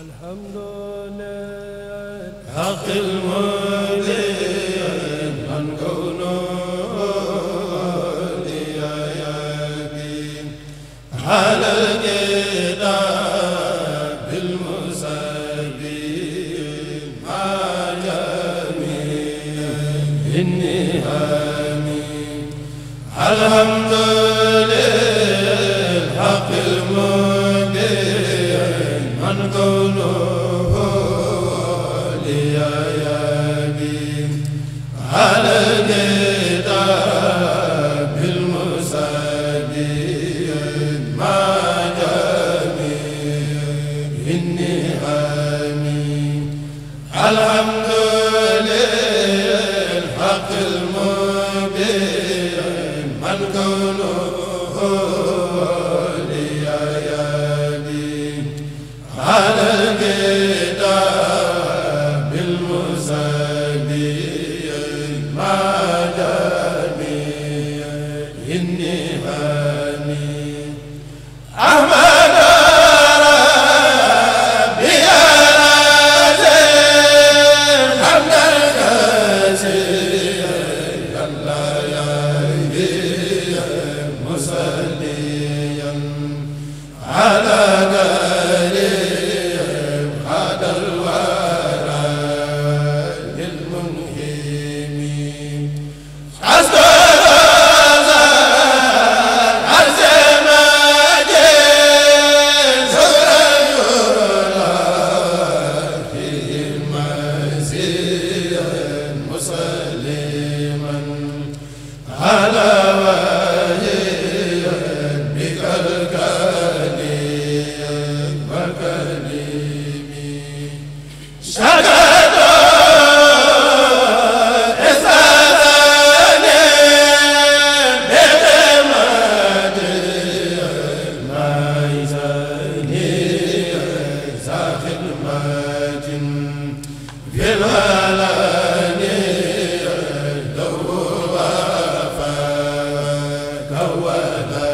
الحمد لله حق الملك la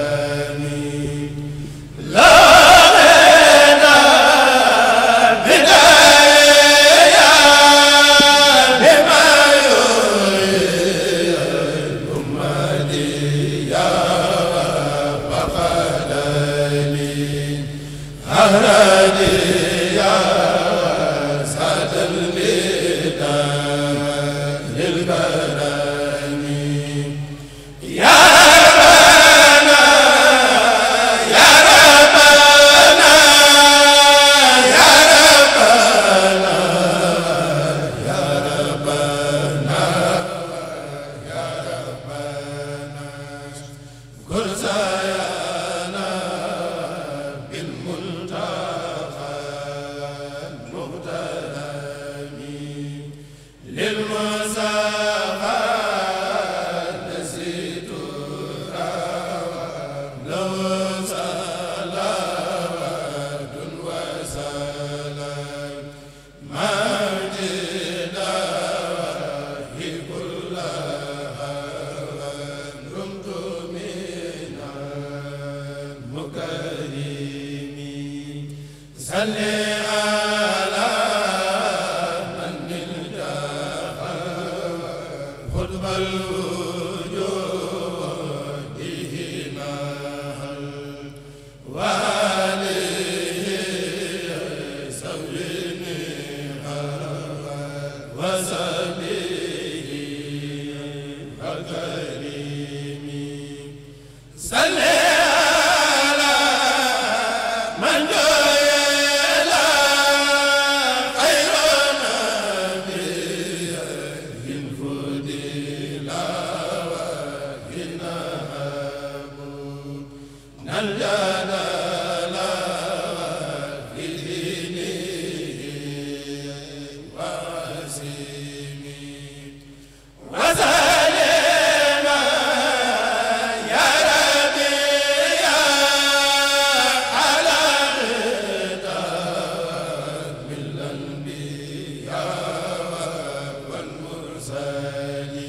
la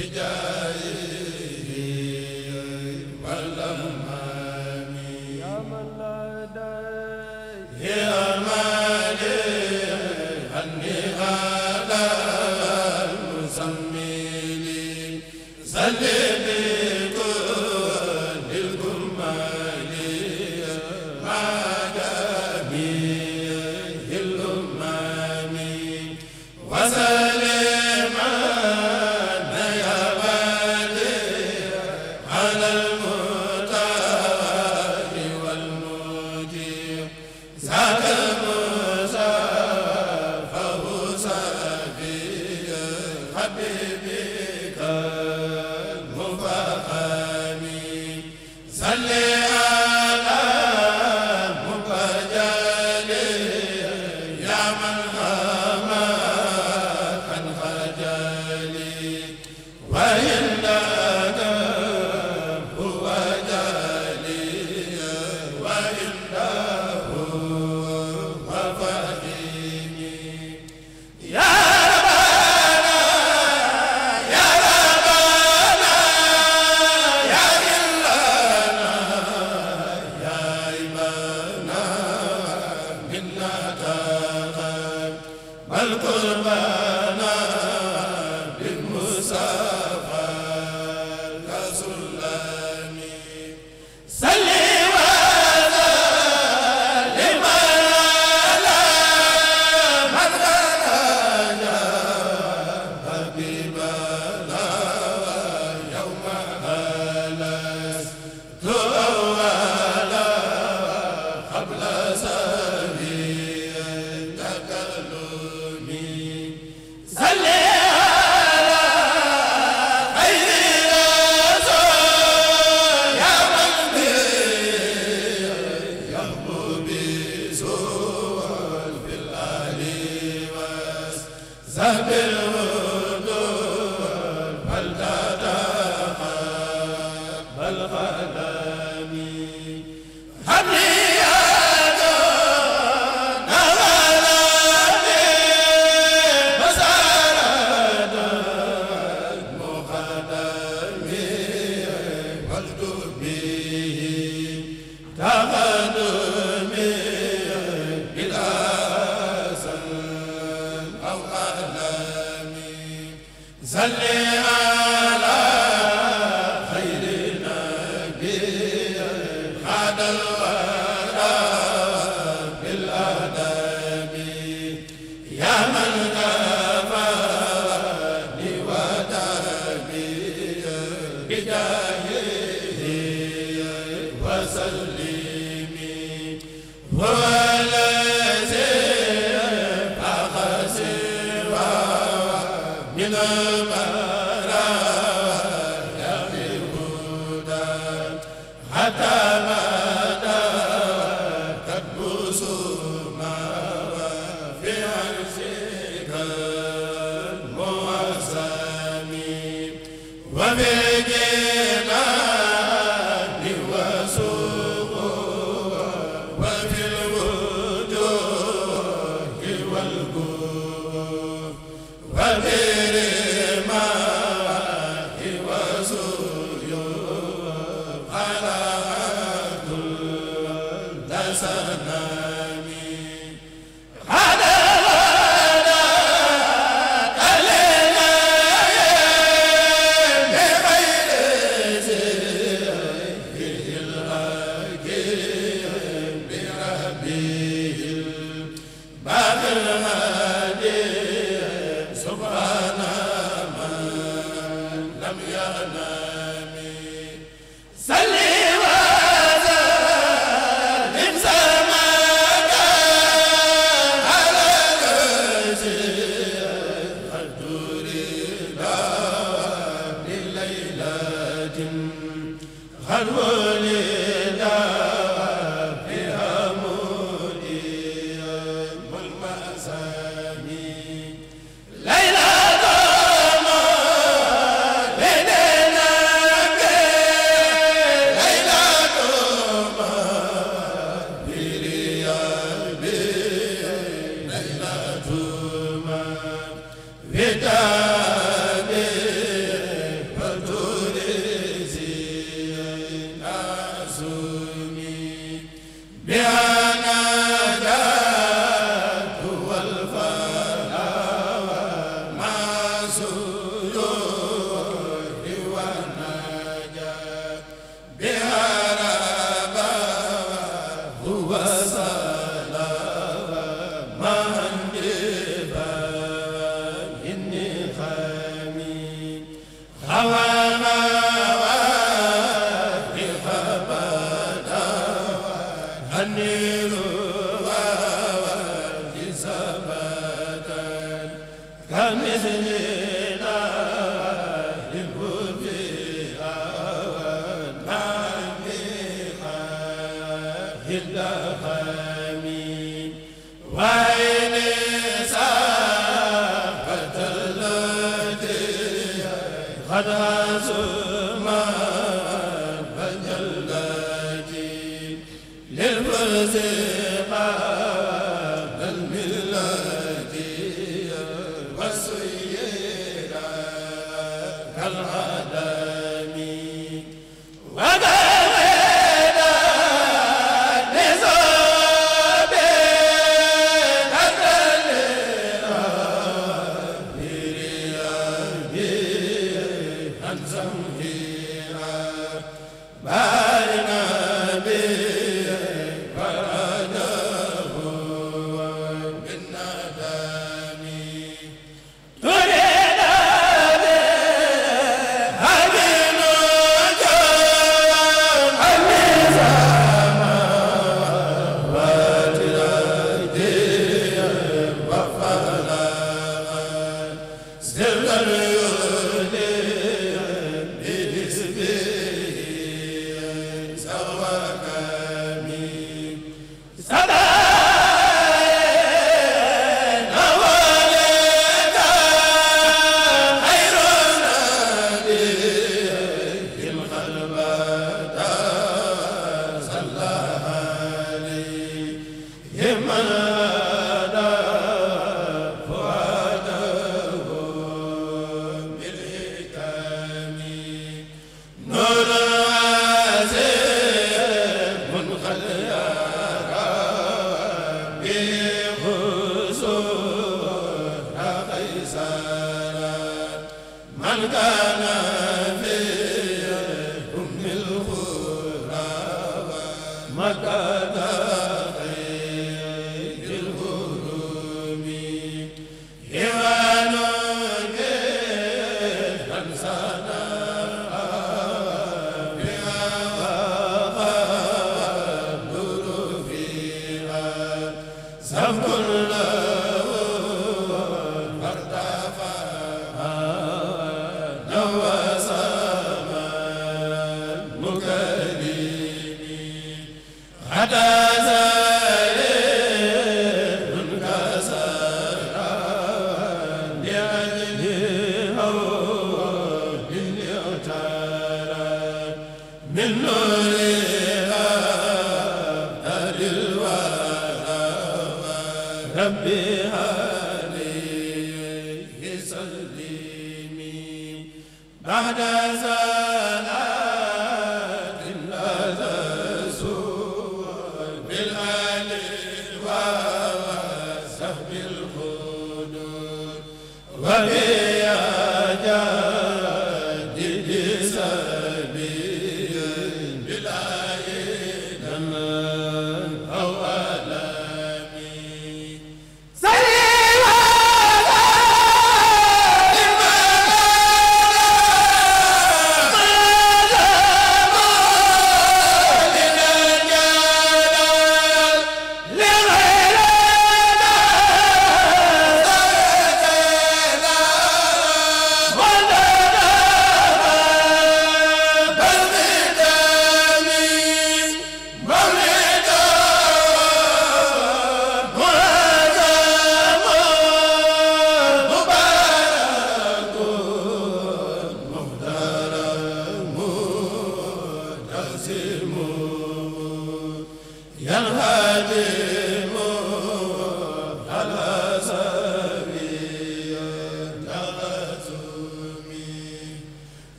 bi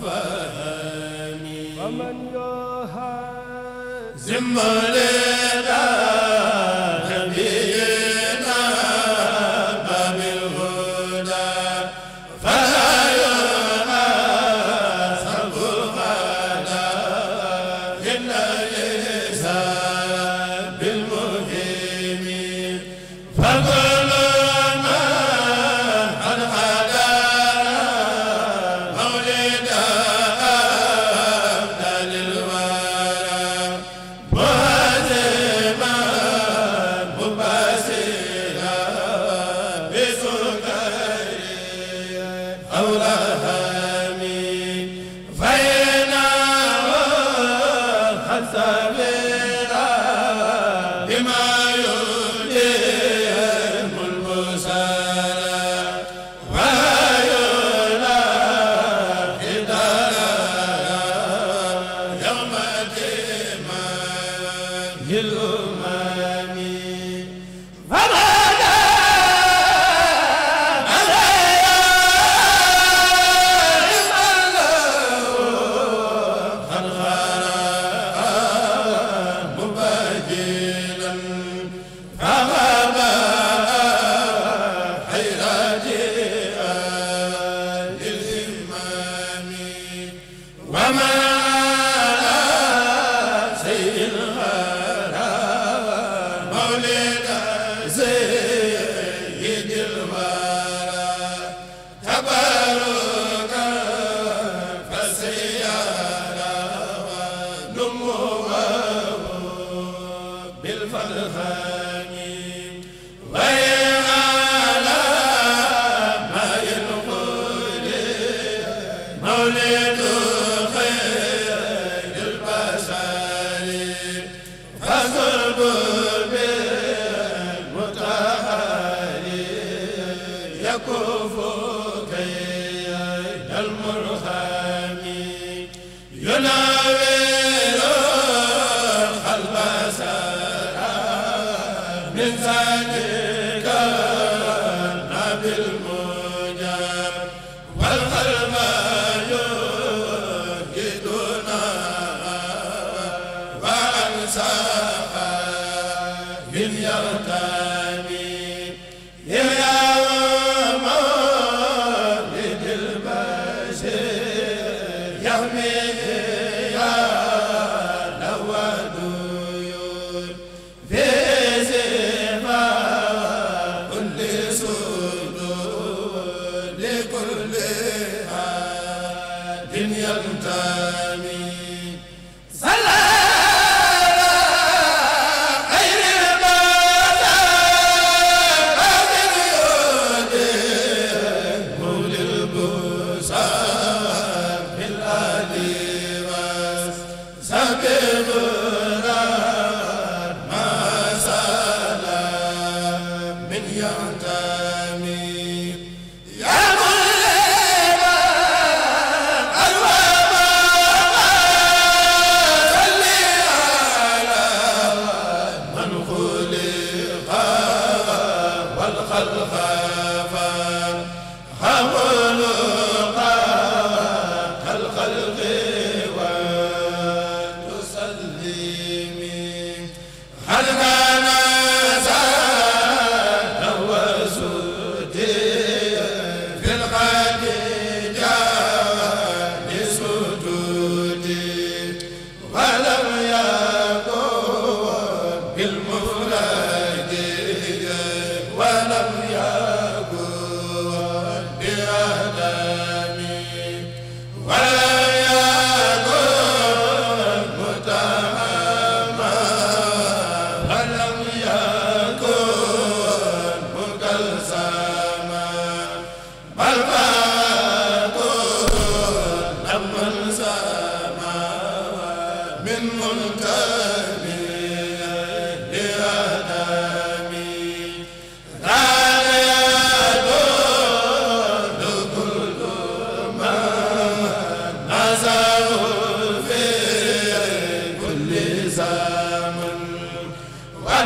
فهمي ومن يهزم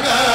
Saga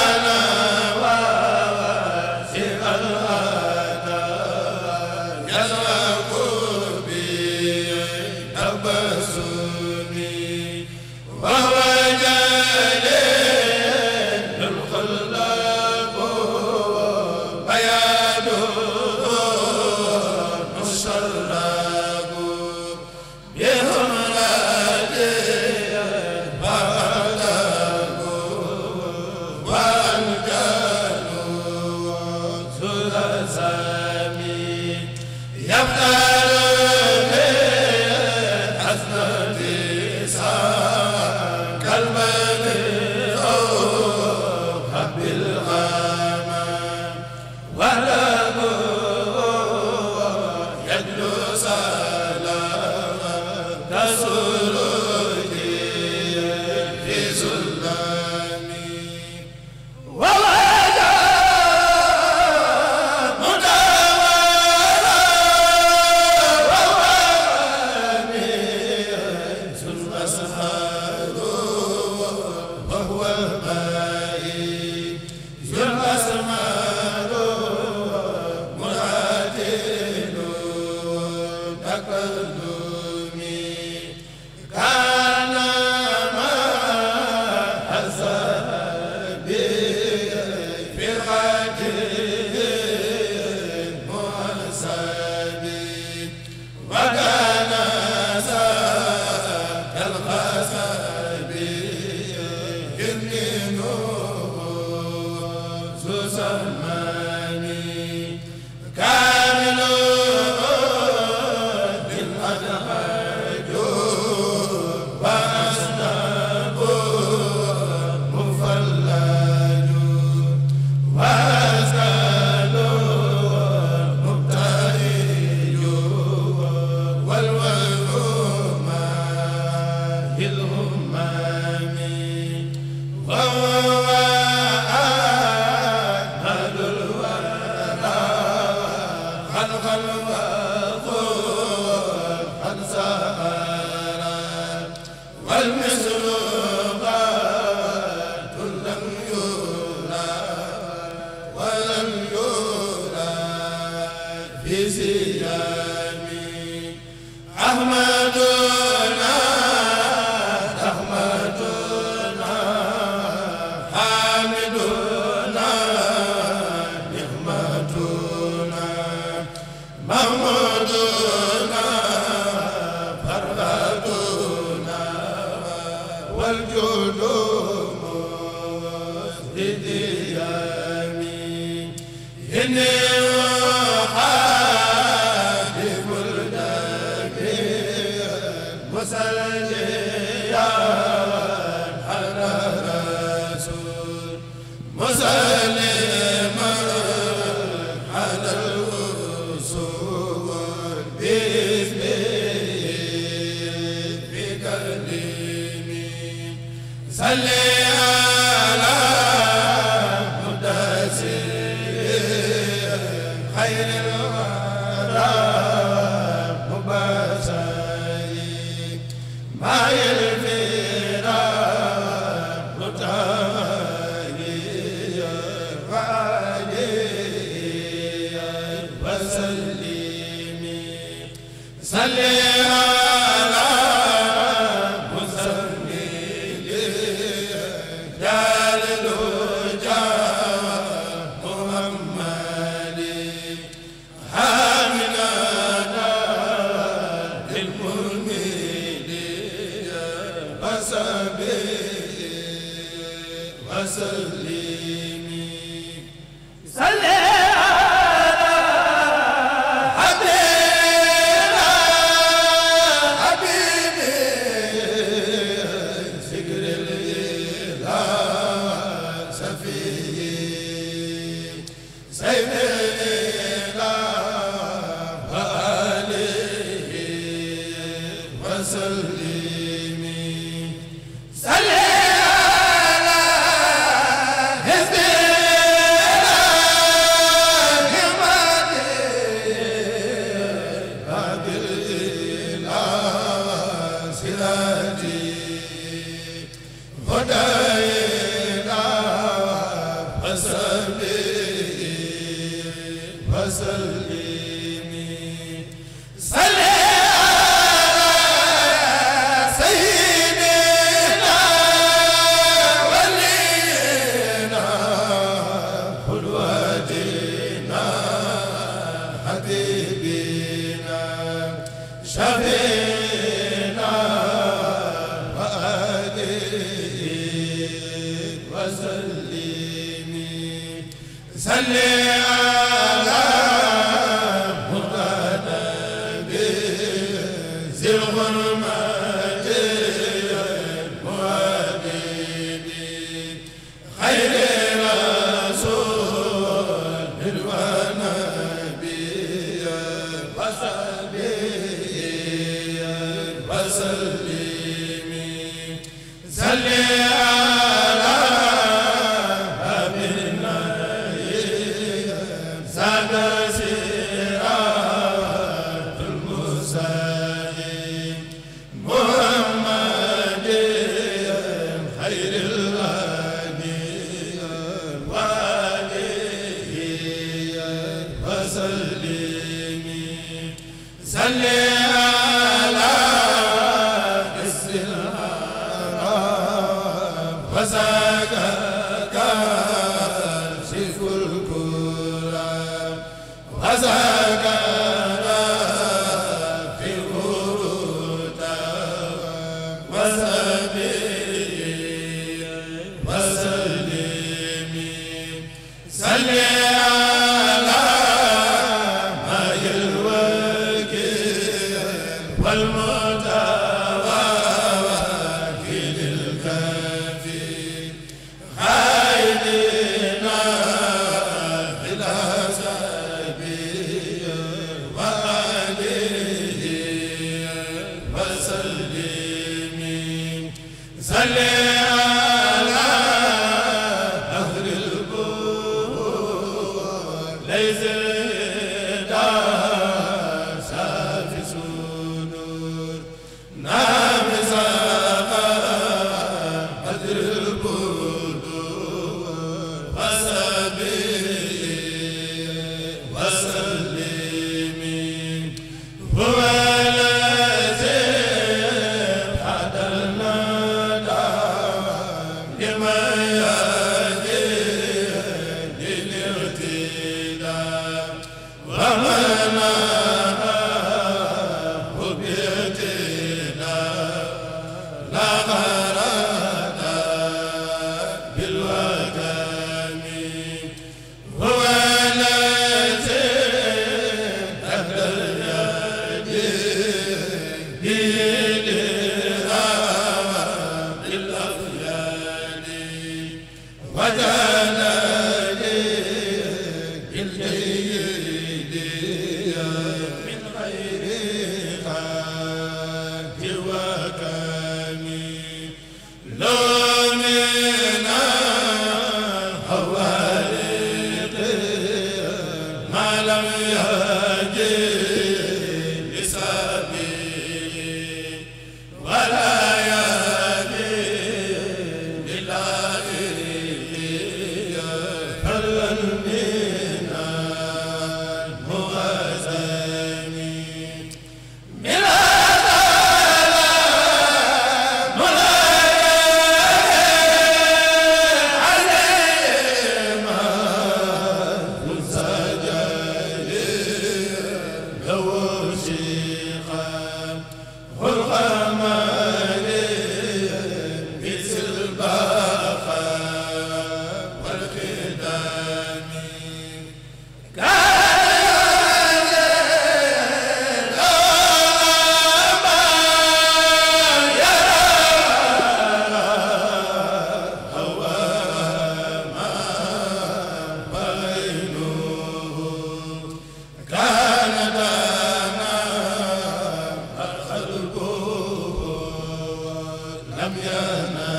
lam yana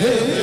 Hey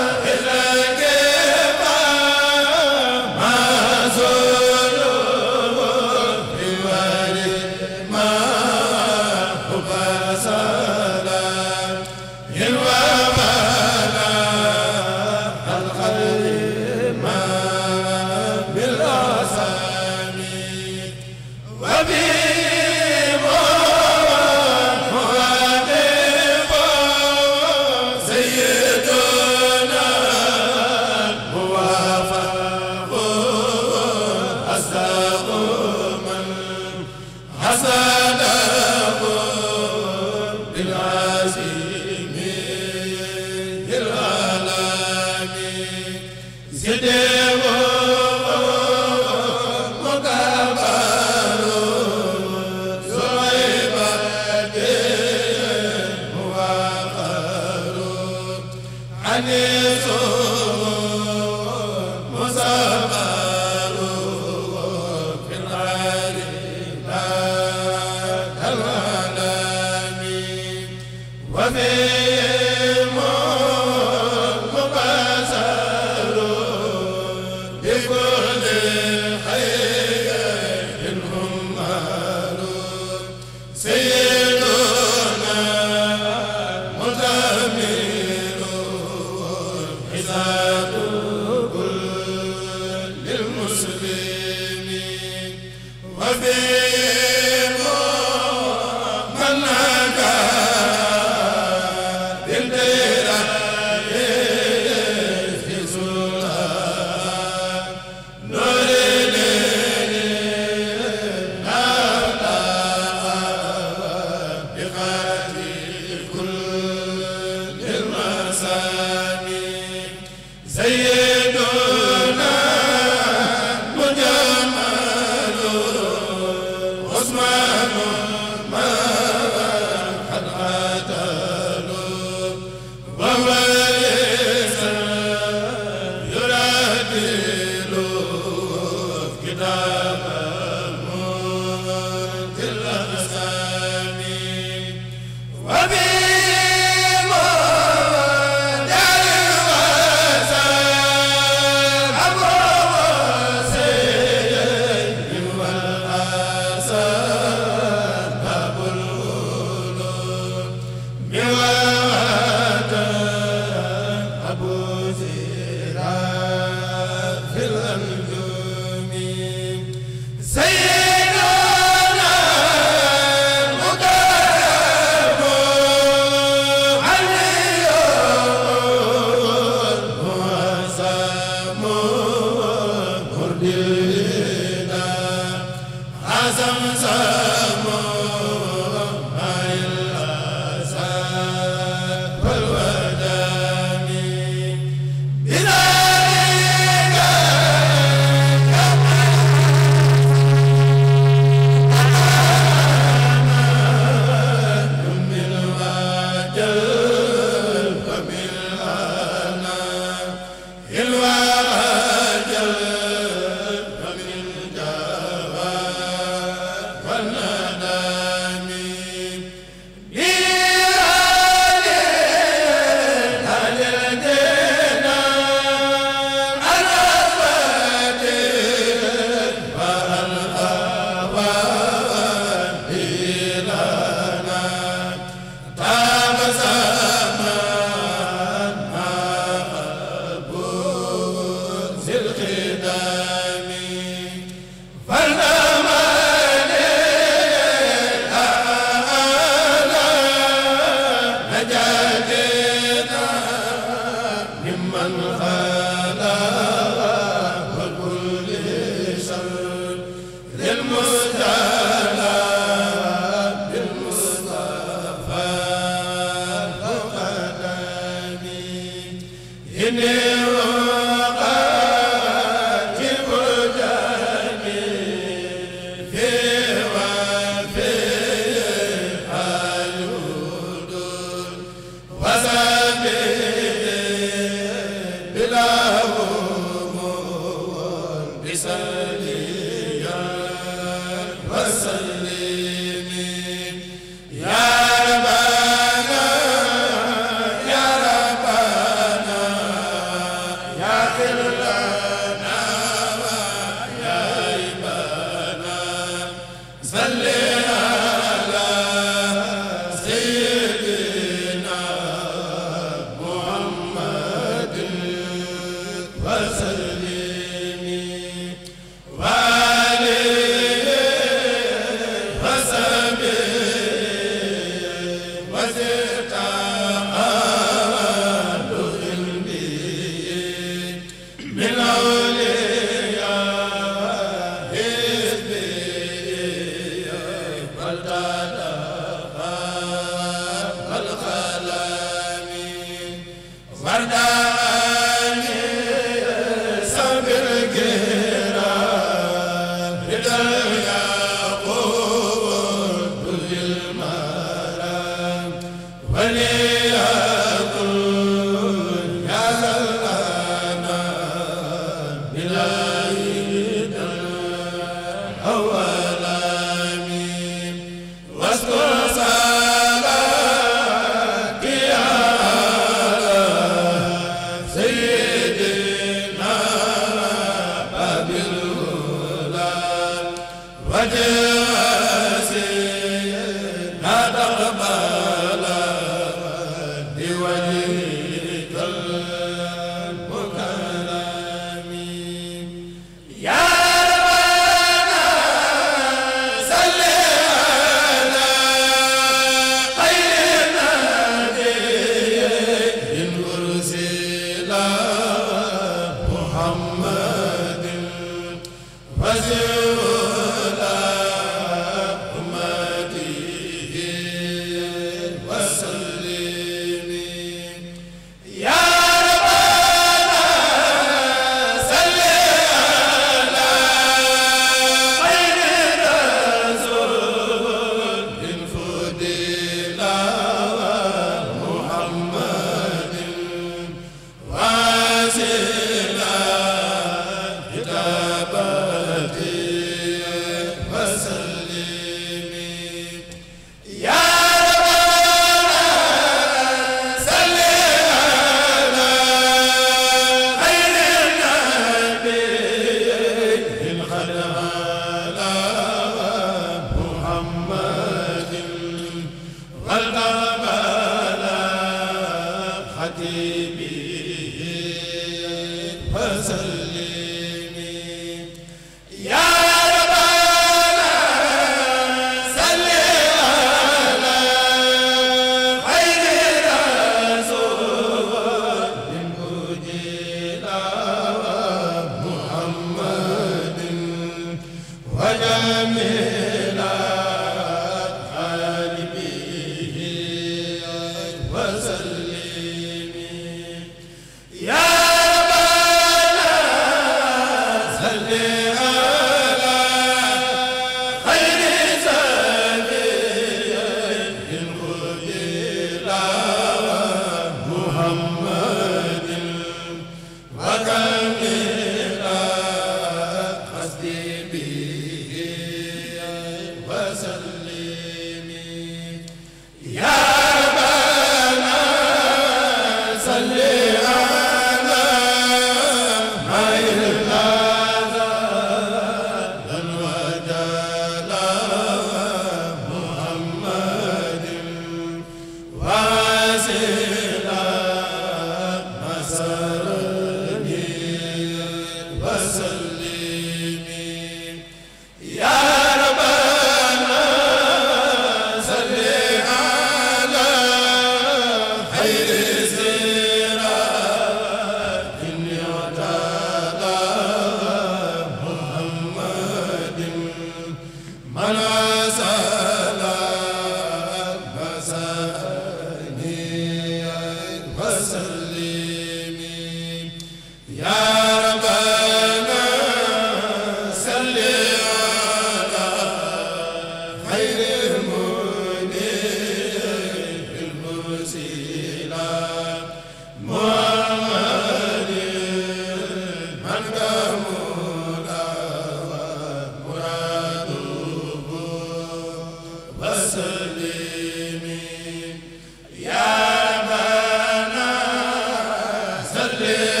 le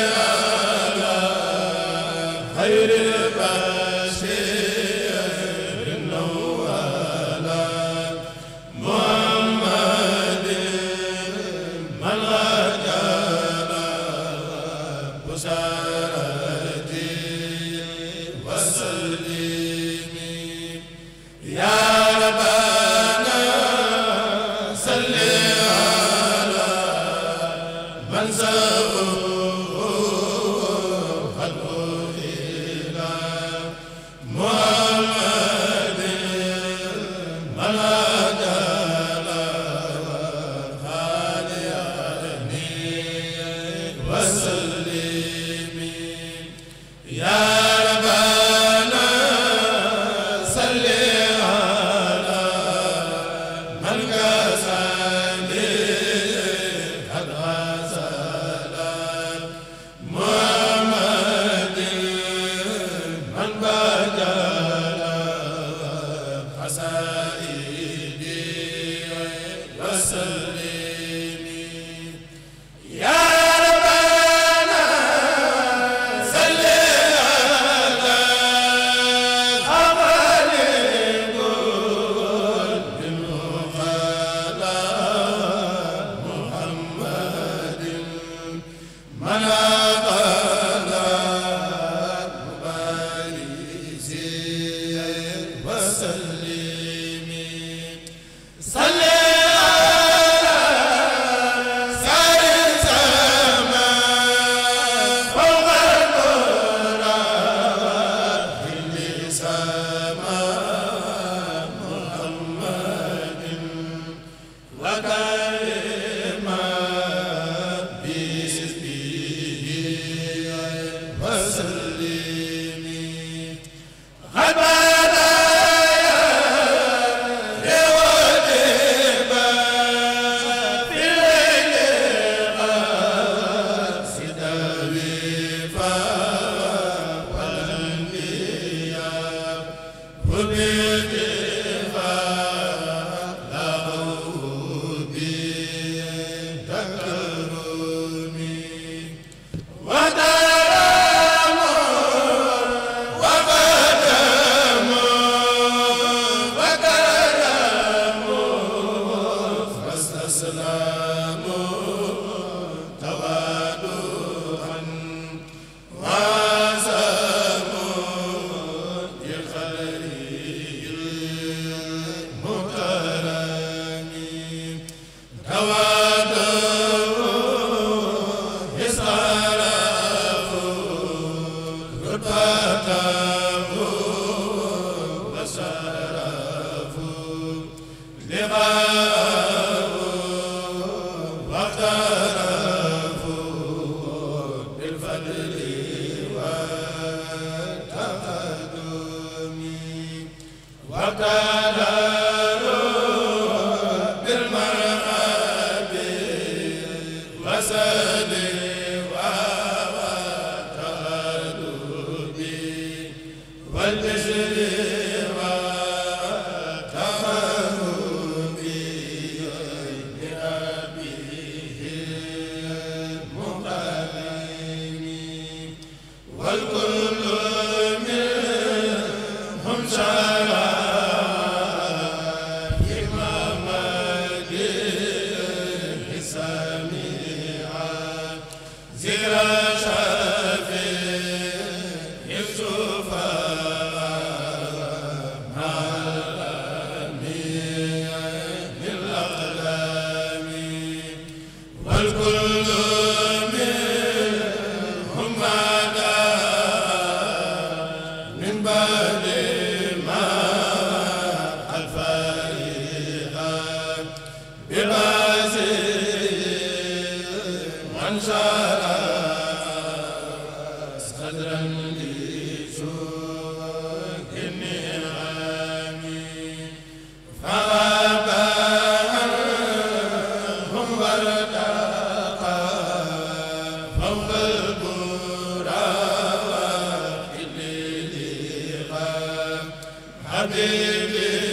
adili